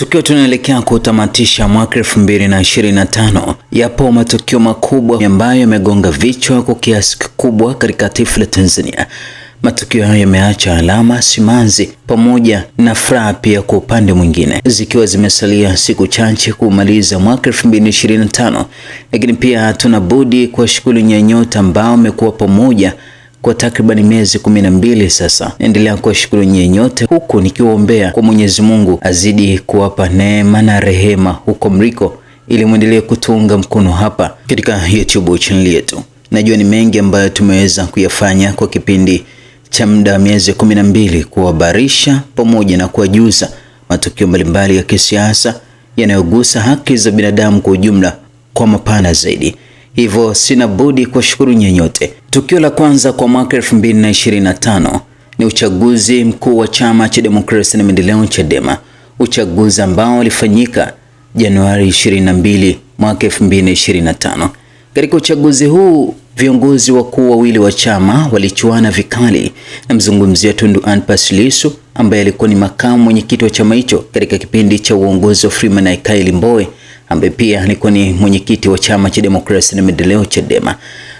Tukiwa tunaelekea kutamatisha mwaka elfu mbili na ishirini na tano, yapo matukio makubwa ambayo yamegonga vichwa kwa kiasi kikubwa katika taifa la Tanzania. Matukio hayo yameacha alama, simanzi pamoja na furaha pia kwa upande mwingine, zikiwa zimesalia siku chache kumaliza mwaka 2025, lakini pia hatuna budi kuwashukuru nyanyota ambao amekuwa pamoja kwa takribani miezi kumi na mbili sasa. Naendelea kuwashukuru nyie nyote, huku nikiwaombea kwa Mwenyezi Mungu azidi kuwapa neema na rehema huko mliko, ili mwendelee kutuunga mkono hapa katika YouTube chaneli yetu. Najua ni mengi ambayo tumeweza kuyafanya kwa kipindi cha muda miezi kumi na mbili, kuwabarisha pamoja na kuwajuza matukio mbalimbali ya kisiasa yanayogusa haki za binadamu kwa ujumla kwa mapana zaidi hivyo sina budi kuwashukuru nyenyote. Tukio la kwanza kwa mwaka 2025 ni uchaguzi mkuu wa chama cha demokrasia na maendeleo Chadema, uchaguzi ambao ulifanyika Januari 22 mwaka 2025. Katika uchaguzi huu viongozi wakuu wawili wa chama walichuana vikali, na mzungumzia Tundu Antipas Lissu ambaye alikuwa ni makamu mwenyekiti wa chama hicho katika kipindi cha uongozi wa Freeman Aikaeli Mbowe ambaye pia alikuwa ni mwenyekiti wa chama cha demokrasia na maendeleo Chadema.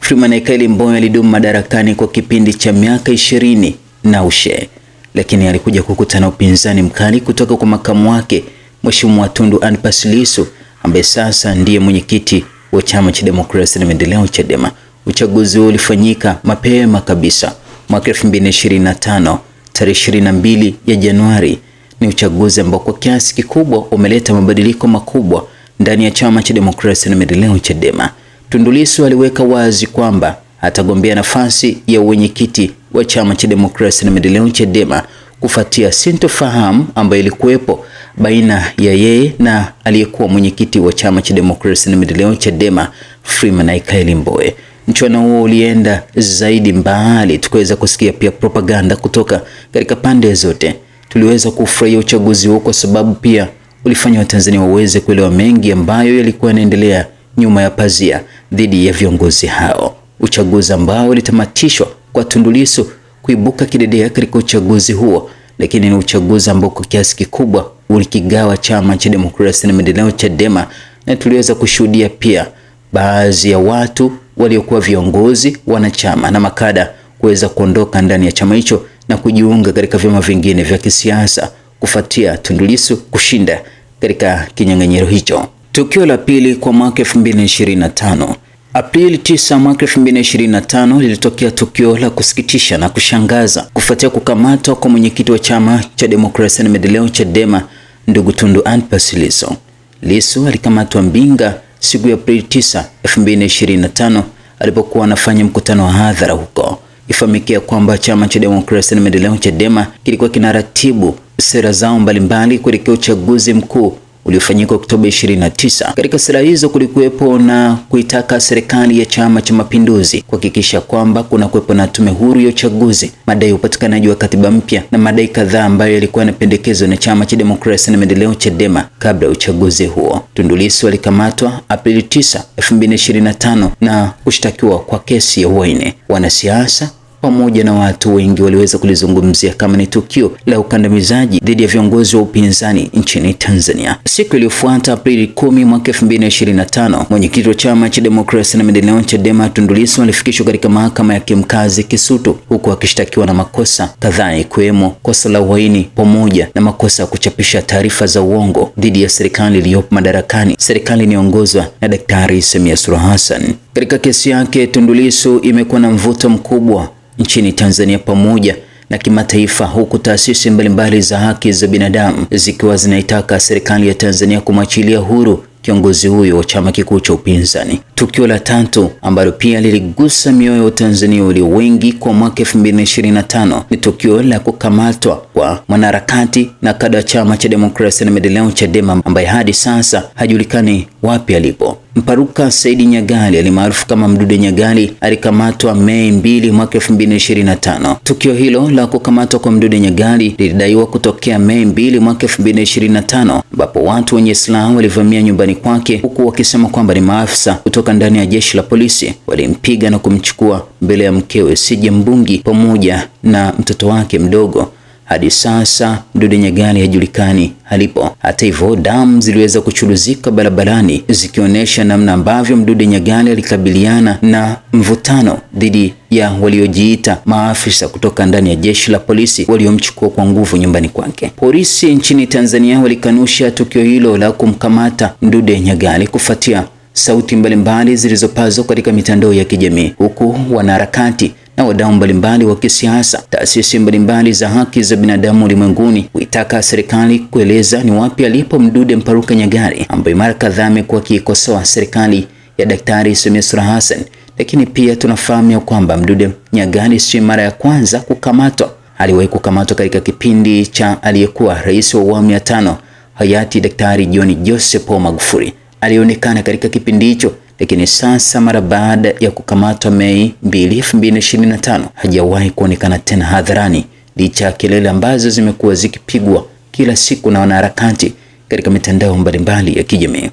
Freeman Aikaeli Mbowe alidumu madarakani kwa kipindi cha miaka ishirini na ushe, lakini alikuja kukutana upinzani mkali kutoka kwa makamu wake Mheshimiwa Tundu Antipas Lissu ambaye sasa ndiye mwenyekiti wa chama cha demokrasia na maendeleo Chadema. Uchaguzi huo ulifanyika mapema kabisa mwaka 2025 tarehe 22 ya Januari. Ni uchaguzi ambao kwa kiasi kikubwa umeleta mabadiliko makubwa ndani ya chama cha demokrasia na maendeleo Chadema. Tundu Lissu aliweka wazi kwamba atagombea nafasi ya wenyekiti wa chama cha demokrasia na maendeleo Chadema kufuatia sintofahamu ambayo ilikuwepo baina ya yeye na aliyekuwa mwenyekiti wa chama cha demokrasia na maendeleo Chadema Freeman Aikaeli Mbowe. Mchuano huo ulienda zaidi mbali, tukaweza kusikia pia propaganda kutoka katika pande zote. Tuliweza kufurahia uchaguzi huo kwa sababu pia ulifanya Watanzania waweze kuelewa mengi ambayo yalikuwa yanaendelea nyuma ya pazia dhidi ya viongozi hao. Uchaguzi ambao ulitamatishwa kwa Tundu Lissu kuibuka kidedea katika uchaguzi huo, lakini ni uchaguzi ambao kwa kiasi kikubwa ulikigawa chama cha demokrasia na maendeleo Chadema, na tuliweza kushuhudia pia baadhi ya watu waliokuwa viongozi, wanachama na makada kuweza kuondoka ndani ya chama hicho na kujiunga katika vyama vingine vya kisiasa kufuatia Tundu Lissu kushinda katika kinyang'anyiro hicho. Tukio la pili kwa mwaka 2025. Aprili 9 mwaka 2025 lilitokea tukio la kusikitisha na kushangaza kufuatia kukamatwa kwa mwenyekiti wa chama cha demokrasia na maendeleo Chadema, ndugu Tundu Antipas Lissu. Lissu alikamatwa Mbinga siku ya Aprili 9, 2025 alipokuwa anafanya mkutano wa hadhara huko. Ifahamike kwamba chama cha demokrasia na maendeleo Chadema kilikuwa kinaratibu sera zao mbalimbali kuelekea uchaguzi mkuu uliofanyika Oktoba 29. Katika sera hizo kulikuwepo na kuitaka serikali ya Chama cha Mapinduzi kuhakikisha kwamba kuna kuwepo na tume huru ya uchaguzi, madai ya upatikanaji wa katiba mpya na madai kadhaa ambayo yalikuwa yanapendekezwa na Chama cha Demokrasia na Maendeleo Chadema kabla ya uchaguzi huo. Tundu Lissu alikamatwa Aprili 9, 2025 na kushtakiwa kwa kesi ya uhaini. Wanasiasa pamoja na watu wengi waliweza kulizungumzia kama ni tukio la ukandamizaji dhidi ya viongozi wa upinzani nchini Tanzania. Siku iliyofuata Aprili 10 mwaka 2025, mwenyekiti wa chama cha demokrasia na maendeleo Chadema Tundu Lissu alifikishwa katika mahakama ya kimkazi Kisutu huku akishtakiwa na makosa kadhaa ikiwemo kosa la uhaini pamoja na makosa ya kuchapisha taarifa za uongo dhidi ya serikali iliyopo madarakani, serikali inayoongozwa na Daktari Samia Suluhu Hassan. Katika kesi yake Tundu Lissu imekuwa na mvuto mkubwa nchini Tanzania pamoja na kimataifa huku taasisi mbalimbali za haki za binadamu zikiwa zinaitaka serikali ya Tanzania kumwachilia huru kiongozi huyo wa chama kikuu cha upinzani. Tukio la tatu ambalo pia liligusa mioyo ya Watanzania walio wengi kwa mwaka 2025 ni tukio la kukamatwa kwa mwanaharakati na kada wa Chama cha Demokrasia na Maendeleo Chadema, ambaye hadi sasa hajulikani wapi alipo. Mparuka Saidi Nyagali alimaarufu kama Mdude Nyagali alikamatwa Mei 2 mwaka 2025. Tukio hilo la kukamatwa kwa Mdude Nyagali lilidaiwa kutokea Mei 2 mwaka 2025, ambapo watu wenye silaha walivamia nyumbani kwake huku wakisema kwamba ni maafisa kutoka kutoka ndani ya jeshi la polisi walimpiga na kumchukua mbele ya mkewe Sije Mbungi pamoja na mtoto wake mdogo. Hadi sasa Mdude Nyagali hajulikani alipo. Hata hivyo, damu ziliweza kuchuruzika barabarani zikionyesha namna ambavyo Mdude Nyagali alikabiliana na mvutano dhidi ya waliojiita maafisa kutoka ndani ya jeshi la polisi waliomchukua kwa nguvu nyumbani kwake. Polisi nchini Tanzania walikanusha tukio hilo la kumkamata Mdude Nyagali kufuatia sauti mbalimbali zilizopazwa katika mitandao ya kijamii, huku wanaharakati na wadau mbalimbali wa kisiasa, taasisi mbalimbali za haki za binadamu ulimwenguni huitaka serikali kueleza ni wapi alipo Mdude Mparuka Nyagari ambaye mara kadhaa amekuwa akiikosoa serikali ya Daktari Samia Suluhu Hassan. Lakini pia tunafahamu ya kwamba Mdude Nyagari si mara ya kwanza kukamatwa. Aliwahi kukamatwa katika kipindi cha aliyekuwa rais wa awamu ya tano hayati Daktari John Joseph Magufuli aliyeonekana katika kipindi hicho, lakini sasa mara baada ya kukamatwa Mei 2, 2025 hajawahi kuonekana tena hadharani licha ya kelele ambazo zimekuwa zikipigwa kila siku na wanaharakati katika mitandao mbalimbali ya kijamii.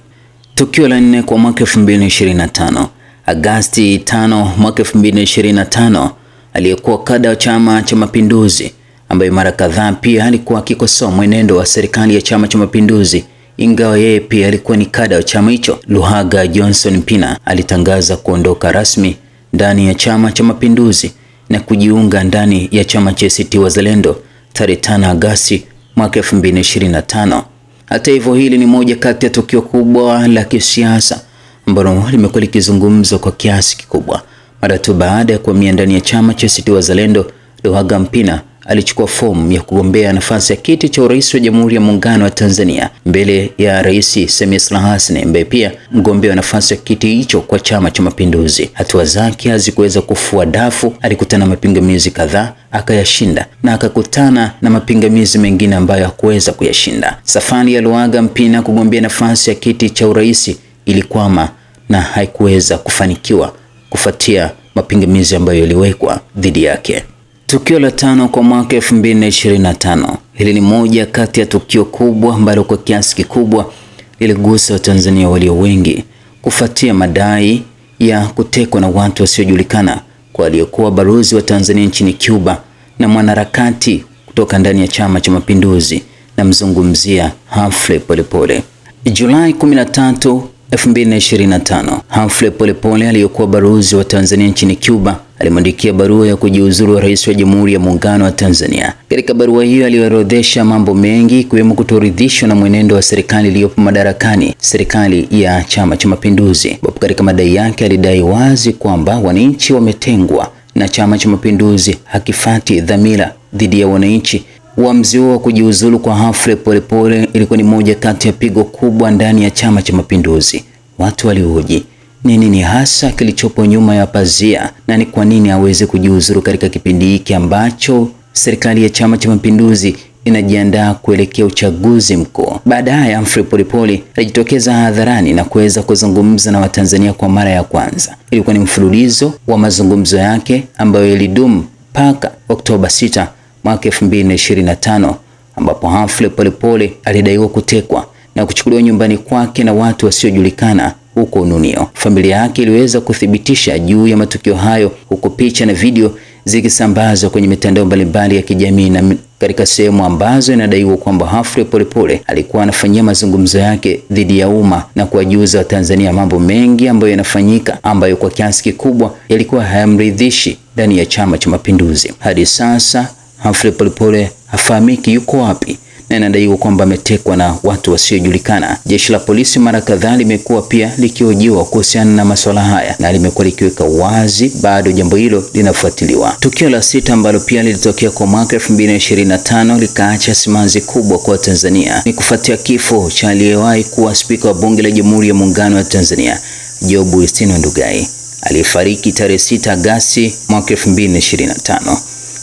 Tukio la nne kwa mwaka 2025. Agasti 5 mwaka 2025, aliyekuwa kada wa Chama cha Mapinduzi ambaye mara kadhaa pia alikuwa akikosoa mwenendo wa serikali ya Chama cha Mapinduzi ingawa yeye pia alikuwa ni kada wa chama hicho. Luhaga Johnson Pina alitangaza kuondoka rasmi ndani ya Chama cha Mapinduzi na kujiunga ndani ya chama cha ACT Wazalendo tarehe 5 Agosti mwaka 2025. Hata hivyo, hili ni moja kati ya tukio kubwa la kisiasa ambalo limekuwa likizungumzwa kwa kiasi kikubwa mara tu baada ya kuhamia ndani ya chama cha ACT Wazalendo. Luhaga Mpina alichukua fomu ya kugombea nafasi ya kiti cha urais wa Jamhuri ya Muungano wa Tanzania mbele ya Rais Samia Suluhu Hassan ambaye pia mgombea wa nafasi ya kiti hicho kwa Chama cha Mapinduzi. Hatua zake hazikuweza kufua dafu, alikutana na mapingamizi kadhaa akayashinda, na akakutana na mapingamizi mengine ambayo hakuweza kuyashinda. Safari ya Luaga Mpina kugombea nafasi ya kiti cha urais ilikwama na haikuweza kufanikiwa kufuatia mapingamizi ambayo yaliwekwa dhidi yake. Tukio la tano kwa mwaka 2025. Hili ni moja kati ya tukio kubwa ambalo kwa kiasi kikubwa liligusa Watanzania walio wengi kufuatia madai ya kutekwa na watu wasiojulikana kwa aliyekuwa balozi wa Tanzania nchini Cuba na mwanaharakati kutoka ndani ya Chama cha Mapinduzi, na mzungumzia Humphrey Polepole. Julai 13 2025. Humphrey Polepole aliyekuwa balozi wa Tanzania nchini Cuba alimwandikia barua ya kujiuzuru wa rais wa Jamhuri ya Muungano wa Tanzania. Katika barua hiyo aliorodhesha mambo mengi ikiwemo kutoridhishwa na mwenendo wa serikali iliyopo madarakani, serikali ya Chama cha Mapinduzi, ambapo katika madai yake alidai wazi kwamba wananchi wametengwa na Chama cha Mapinduzi hakifati dhamira dhidi ya wananchi Uamuzi huo wa kujiuzulu kwa Humphrey Polepole ilikuwa ni moja kati ya pigo kubwa ndani ya Chama cha Mapinduzi. Watu walihoji ni nini hasa kilichopo nyuma ya pazia na ni kwa nini aweze kujiuzulu katika kipindi hiki ambacho serikali ya Chama cha Mapinduzi inajiandaa kuelekea uchaguzi mkuu. Baadaye Humphrey Polepole alijitokeza hadharani na kuweza kuzungumza na Watanzania kwa mara ya kwanza. Ilikuwa ni mfululizo wa mazungumzo yake ambayo yalidumu mpaka Oktoba 6 mwaka 2025 ambapo Humphrey Polepole alidaiwa kutekwa na kuchukuliwa nyumbani kwake na watu wasiojulikana huko Ununio. Familia yake iliweza kuthibitisha juu ya matukio hayo huko picha na video zikisambazwa kwenye mitandao mbalimbali ya kijamii na katika sehemu ambazo inadaiwa kwamba Humphrey Polepole alikuwa anafanyia mazungumzo yake dhidi ya umma na kuwajuza Watanzania mambo mengi ambayo yanafanyika ambayo kwa kiasi kikubwa yalikuwa hayamridhishi ndani ya Chama cha Mapinduzi. Hadi sasa Humphrey Polepole hafahamiki yuko wapi na inadaiwa kwamba ametekwa na watu wasiojulikana. Jeshi la polisi mara kadhaa limekuwa pia likihojiwa kuhusiana na masuala haya na limekuwa likiweka wazi bado jambo hilo linafuatiliwa. Tukio la sita ambalo pia lilitokea kwa mwaka 2025 likaacha simanzi kubwa kwa Tanzania ni kufuatia kifo cha aliyewahi kuwa spika wa bunge la Jamhuri ya Muungano wa Tanzania, Job Yustino Ndugai aliyefariki tarehe 6 Agosti mwaka 2025.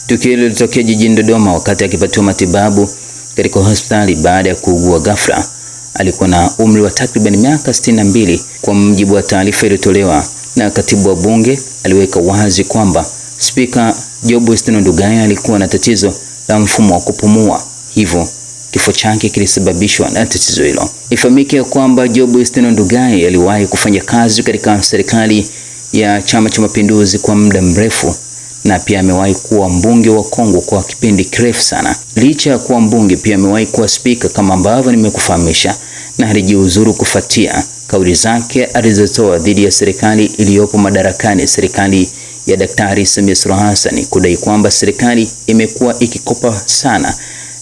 Tukio hilo lilitokea jijini Dodoma wakati akipatiwa matibabu katika hospitali baada ya kuugua ghafla. Alikuwa na umri wa takriban miaka sitini na mbili kwa mjibu wa taarifa iliyotolewa na katibu wa bunge. Aliweka wazi kwamba Spika Job Western Ndugai alikuwa na tatizo la mfumo wa kupumua, hivyo kifo chake kilisababishwa na tatizo hilo. Ifahamike kwamba Job Western Ndugai aliwahi kufanya kazi katika serikali ya Chama cha Mapinduzi kwa muda mrefu na pia amewahi kuwa mbunge wa Kongo kwa kipindi kirefu sana. Licha ya kuwa mbunge, pia amewahi kuwa spika kama ambavyo nimekufahamisha, na alijiuzuru kufuatia kauli zake alizotoa dhidi ya serikali iliyopo madarakani, serikali ya Daktari Samia Suluhu Hassan, kudai kwamba serikali imekuwa ikikopa sana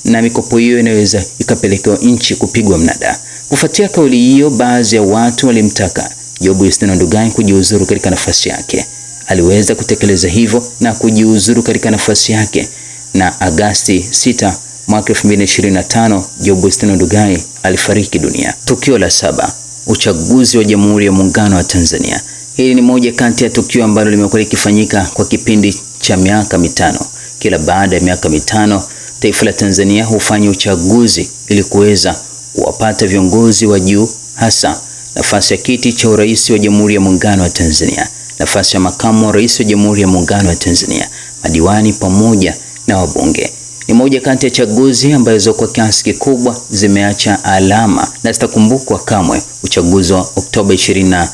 na mikopo hiyo inaweza ikapelekewa nchi kupigwa mnada. Kufuatia kauli hiyo, baadhi ya watu walimtaka Jobu Yustino Ndugai kujiuzuru katika nafasi yake aliweza kutekeleza hivyo na kujiuzuru katika nafasi yake, na Agasti 6 mwaka 2025 Job Justino Ndugai alifariki dunia. Tukio la saba, uchaguzi wa Jamhuri ya Muungano wa Tanzania. Hili ni moja kati ya tukio ambalo limekuwa likifanyika kwa kipindi cha miaka mitano. Kila baada ya miaka mitano taifa la Tanzania hufanya uchaguzi ili kuweza kuwapata viongozi wa juu, hasa nafasi ya kiti cha urais wa Jamhuri ya Muungano wa Tanzania nafasi ya makamu wa rais wa Jamhuri ya Muungano wa Tanzania, madiwani pamoja na wabunge. Ni moja kati ya chaguzi ambazo kwa kiasi kikubwa zimeacha alama na zitakumbukwa kamwe. Uchaguzi wa Oktoba 29,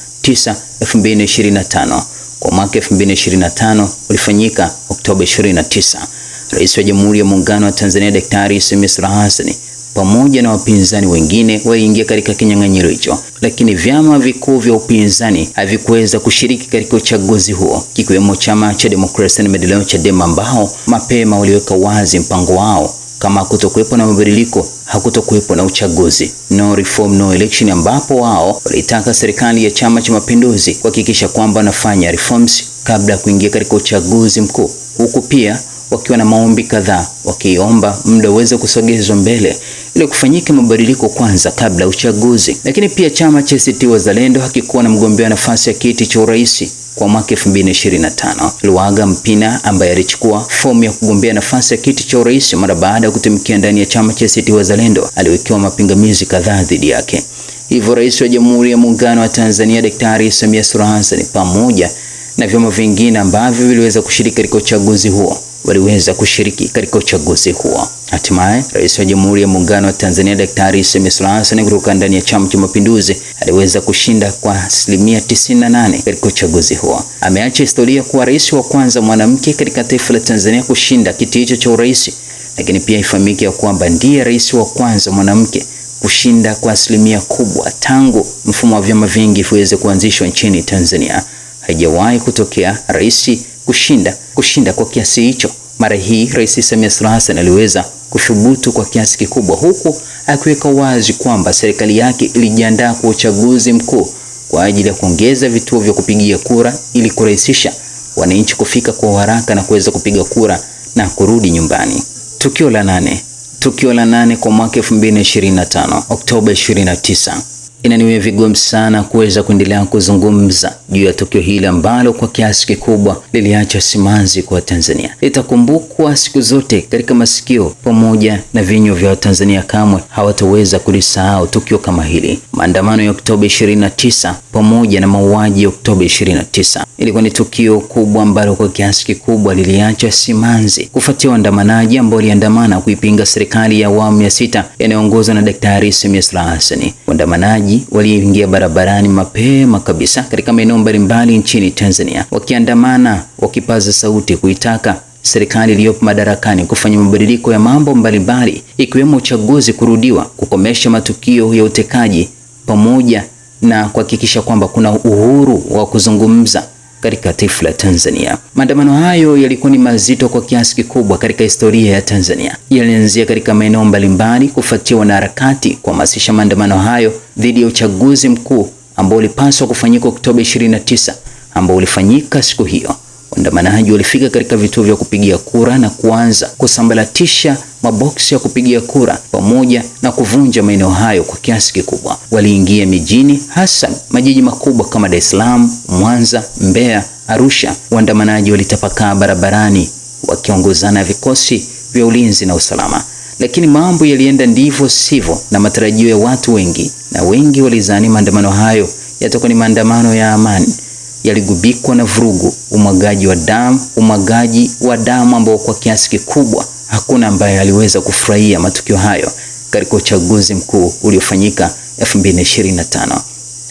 2025 kwa mwaka 2025 ulifanyika Oktoba 29. Rais wa Jamhuri ya Muungano wa Tanzania Daktari Samia Suluhu Hassan pamoja na wapinzani wengine waliingia katika kinyang'anyiro hicho, lakini vyama vikuu vya upinzani havikuweza kushiriki katika uchaguzi huo, kikiwemo chama cha demokrasia na maendeleo Chadema, ambao mapema waliweka wazi mpango wao kama kutokuwepo na mabadiliko hakutokuwepo na uchaguzi, no reform no election, ambapo wao walitaka serikali ya Chama cha Mapinduzi kuhakikisha kwamba wanafanya reforms kabla ya kuingia katika uchaguzi mkuu, huku pia wakiwa na maombi kadhaa, wakiomba muda uweze kusogezwa mbele ili kufanyike mabadiliko kwanza kabla uchaguzi. Lakini pia chama cha ACT Wazalendo hakikuwa na mgombea nafasi ya kiti cha urais kwa mwaka 2025. Luhaga Mpina ambaye alichukua fomu ya kugombea nafasi ya kiti cha urais mara baada ya kutimkia ndani ya chama cha ACT Wazalendo aliwekewa mapingamizi kadhaa dhidi yake. Hivyo Rais wa Jamhuri ya Muungano wa Tanzania Daktari Samia Suluhu Hassan pamoja na vyama vingine ambavyo viliweza kushiriki katika uchaguzi huo waliweza kushiriki katika uchaguzi huo. Hatimaye Rais wa Jamhuri ya Muungano wa Tanzania Daktari Samia Suluhu Hassan kutoka ndani ya Chama cha Mapinduzi aliweza kushinda kwa asilimia 98 katika uchaguzi huo. Ameacha historia kuwa rais wa kwanza mwanamke katika taifa la Tanzania kushinda kiti hicho cha urais, lakini pia ifahamike ya kwamba ndiye rais wa kwanza mwanamke kushinda kwa asilimia kubwa tangu mfumo wa vyama vingi viweze kuanzishwa nchini Tanzania. Haijawahi kutokea rais kushinda kushinda kwa kiasi hicho. Mara hii Rais Samia Suluhu Hassan aliweza kushubutu kwa kiasi kikubwa, huku akiweka wazi kwamba serikali yake ilijiandaa kwa uchaguzi mkuu kwa ajili ya kuongeza vituo vya kupigia kura ili kurahisisha wananchi kufika kwa haraka na kuweza kupiga kura na kurudi nyumbani. Tukio la nane, tukio la nane kwa mwaka 2025 Oktoba 29 inaniwe vigumu sana kuweza kuendelea kuzungumza juu ya tukio hili ambalo kwa kiasi kikubwa liliacha simanzi kwa Tanzania. Litakumbukwa siku zote katika masikio pamoja na vinywa vya Watanzania, kamwe hawataweza kulisahau tukio kama hili. Maandamano ya Oktoba 29 pamoja na mauaji ya Oktoba 29 ilikuwa ni tukio kubwa ambalo kwa kiasi kikubwa liliacha simanzi, kufuatia waandamanaji ambao waliandamana kuipinga serikali ya awamu ya sita inayoongozwa na Daktari Samia Suluhu Hassan. Waandamanaji waandamanaji walioingia barabarani mapema kabisa katika maeneo mbalimbali nchini Tanzania, wakiandamana wakipaza sauti kuitaka serikali iliyopo madarakani kufanya mabadiliko ya mambo mbalimbali ikiwemo uchaguzi kurudiwa, kukomesha matukio ya utekaji, pamoja na kuhakikisha kwamba kuna uhuru wa kuzungumza katika taifa la Tanzania. Maandamano hayo yalikuwa ni mazito kwa kiasi kikubwa katika historia ya Tanzania. Yalianzia katika maeneo mbalimbali kufuatia wanaharakati kuhamasisha maandamano hayo dhidi ya uchaguzi mkuu ambao ulipaswa kufanyika Oktoba 29 ambao ulifanyika siku hiyo. Waandamanaji walifika katika vituo vya kupigia kura na kuanza kusambaratisha maboksi ya kupigia kura pamoja na kuvunja maeneo hayo kwa kiasi kikubwa. Waliingia mijini, hasa majiji makubwa kama Dar es Salaam, Mwanza, Mbeya, Arusha. Waandamanaji walitapakaa barabarani wakiongozana vikosi vya ulinzi na usalama, lakini mambo yalienda ndivyo sivyo na matarajio ya watu wengi, na wengi walizani maandamano hayo yatakuwa ni maandamano ya amani yaligubikwa na vurugu, umwagaji wa damu, umwagaji wa damu ambao kwa kiasi kikubwa hakuna ambaye aliweza kufurahia matukio hayo katika uchaguzi mkuu uliofanyika 2025.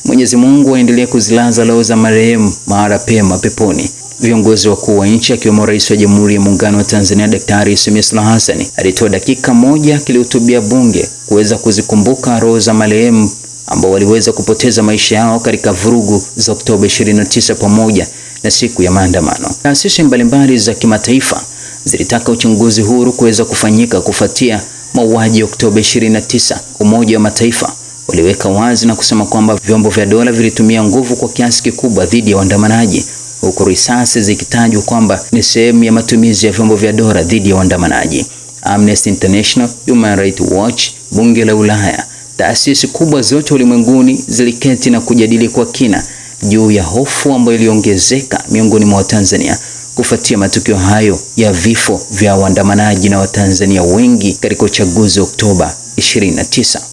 Mwenyezi Mungu aendelee kuzilaza roho za marehemu mahala pema peponi. Viongozi wakuu wa nchi akiwemo Rais wa Jamhuri ya Muungano wa Tanzania Daktari Samia Suluhu Hassan alitoa dakika moja akilihutubia bunge kuweza kuzikumbuka roho za marehemu ambao waliweza kupoteza maisha yao katika vurugu za Oktoba 29 pamoja na siku ya maandamano. Taasisi mbalimbali za kimataifa zilitaka uchunguzi huru kuweza kufanyika kufuatia mauaji ya Oktoba 29. Umoja wa Mataifa waliweka wazi na kusema kwamba vyombo vya dola vilitumia nguvu kwa kiasi kikubwa dhidi ya waandamanaji, huku risasi zikitajwa kwamba ni sehemu ya matumizi ya vyombo vya dola dhidi ya waandamanaji. Amnesty International, Human Rights Watch, bunge la Ulaya Taasisi kubwa zote ulimwenguni ziliketi na kujadili kwa kina juu ya hofu ambayo iliongezeka miongoni mwa Watanzania kufuatia matukio hayo ya vifo vya waandamanaji na Watanzania wengi katika uchaguzi wa Oktoba 29.